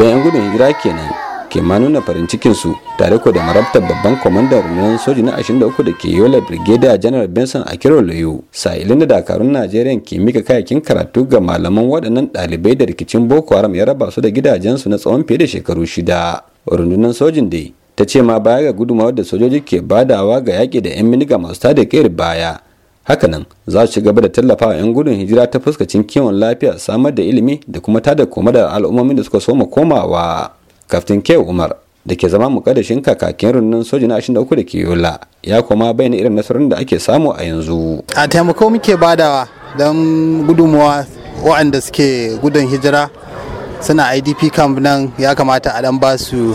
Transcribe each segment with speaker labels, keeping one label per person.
Speaker 1: babban 'yan gudun hijira kenan ke ma nuna farin su tare ko da marabtar babban kwamandan rundunar soji na 23 da ke yola brigadier general benson a kiran sa'ilin da dakarun najeriya ke mika kayakin karatu ga malaman waɗannan ɗalibai da rikicin boko haram ya raba su da gidajensu na tsawon fiye da shekaru shida rundunar sojin dai ta ce ma baya ga gudunmawar da sojoji ke badawa ga yaƙi da 'yan miniga masu tada kai baya hakanan za su ci gaba da tallafawa 'yan gudun hijira ta fuskacin kiwon lafiya samar da ilimi da kuma tada koma da al'ummomin da suka soma wa kaftin ke umar da ke zama mukaddashin kakakin rundunar soja na 23 da da ke yola ya kuma bayyana irin nasarorin da ake samu a yanzu a taimako
Speaker 2: muke badawa don gudunmuwa waɗanda suke gudun hijira suna idp camp nan ya kamata a dan basu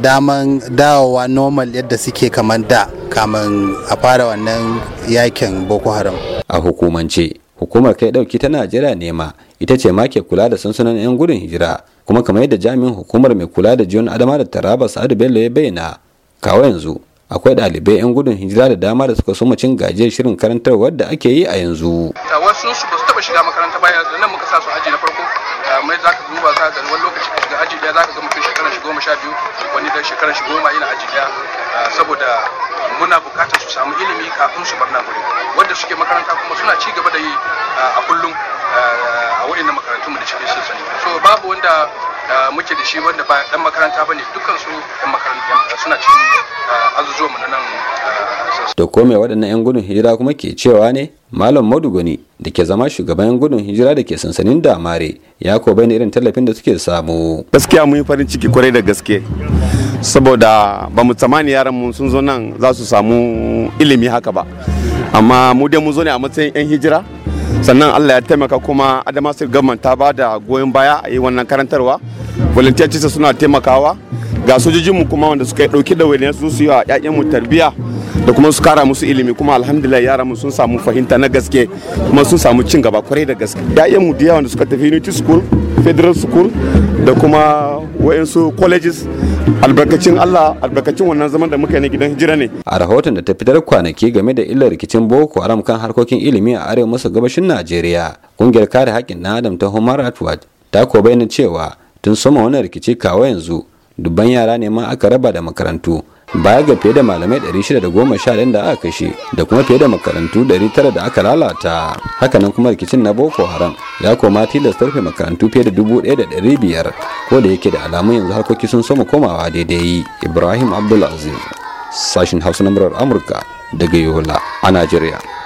Speaker 2: daman dawowa normal yadda suke kamar da kamar a fara wannan yakin boko haram
Speaker 1: a hukumance hukumar kai dauki ta najeriya nema ita ce ma ke kula da sansunan 'yan gudun hijira kuma kamar yadda jami'in hukumar mai kula da jiyon adama da taraba sa'adu bello ya bayyana kawo yanzu akwai ɗalibai 'yan gudun hijira da dama da suka soma cin gajiyar shirin karantar da ake yi a yanzu
Speaker 3: wasu su ba su taɓa shiga makaranta ba yanzu nan muka sa su aji na farko mai za ka duba za ka wani lokaci ka shiga aji ɗaya za ka gama goma sha biyu wani da shekaran shi goma yana aji ah, saboda muna bukatar su samu ilimi kafin su bar gure wanda suke makaranta kuma suna ci gaba da yi ah, a kullum ah, a waɗannan makarantunmu da cikin sun sani so babu wanda muke da shi wanda ba dan makaranta bane dukkan su makaranta suna cikin azuzuwa mu na
Speaker 1: nan da ko mai waɗannan 'yan gudun hijira kuma ke cewa ne? Malam madugani da ke zama shugaban 'yan gudun hijira da ke sansanin damare ya ko ni irin
Speaker 4: tallafin da suke samu. Gaskiya mun yi farin ciki kwarai da gaske. Saboda ba mu tsammani yaran mu sun zo nan za su samu ilimi haka ba. Amma mu dai mun zo ne a matsayin 'yan hijira sannan Allah ya taimaka kuma Adama State ta ba da goyon baya a yi wannan karantarwa. Volunteer suna taimakawa ga sojojinmu kuma wanda suka ɗauki da wani su su yi wa 'ya'yanmu tarbiyya da kuma su kara musu ilimi kuma alhamdulillah yara mu sun samu fahimta na gaske kuma sun samu cin gaba kwarai da gaske da ya'yan mu da suka tafi unity school federal school da kuma wayansu colleges albarkacin Allah albarkacin
Speaker 1: wannan zaman da muka yi na gidan hijira ne a rahoton da ta fitar kwanaki game da illar rikicin boko haram kan harkokin ilimi a arewa maso gabashin Najeriya kungiyar kare haƙƙin na adam ta Human Rights Watch ta ko bayyana cewa tun sama wannan rikici kawo yanzu dubban yara ne ma aka raba da makarantu baya ga fiye da malamai 610 da aka kashe da kuma fiye da makarantu 900 da aka lalata hakanan kuma rikicin na boko haram ya koma tilasta rufe makarantu fiye da 1500 ko da yake da alamun yanzu harkoki sun soma komawa daidai ibrahim abdulaziz sashen hausa na murar amurka daga yola a najeriya